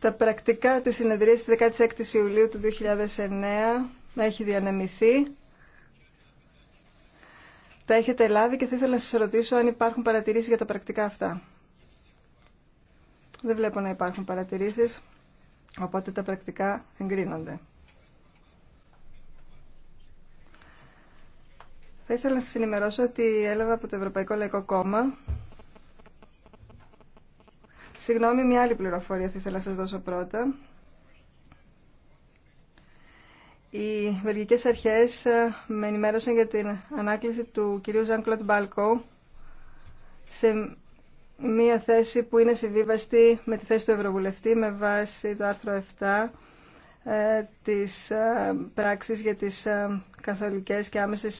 Τα πρακτικά της συνεδρίας της 16 Ιουλίου του 2009 να έχει διανεμηθεί. Τα έχετε λάβει και θα ήθελα να σας ρωτήσω αν υπάρχουν παρατηρήσεις για τα πρακτικά αυτά. Δεν βλέπω να υπάρχουν παρατηρήσεις, οπότε τα πρακτικά εγκρίνονται. Θα ήθελα να σας ενημερώσω ότι έλαβα από το Ευρωπαϊκό Λαϊκό Κόμμα Συγγνώμη, μια άλλη πληροφορία θα ήθελα να σας δώσω πρώτα. Οι βελγικές αρχές ε, με ενημέρωσαν για την ανάκληση του κυρίου Ζαν Κλοντ Μπάλκο σε μια θέση που είναι συμβίβαστη με τη θέση του Ευρωβουλευτή με βάση το άρθρο 7 ε, της ε, πράξης για τις καθολικές και άμεσες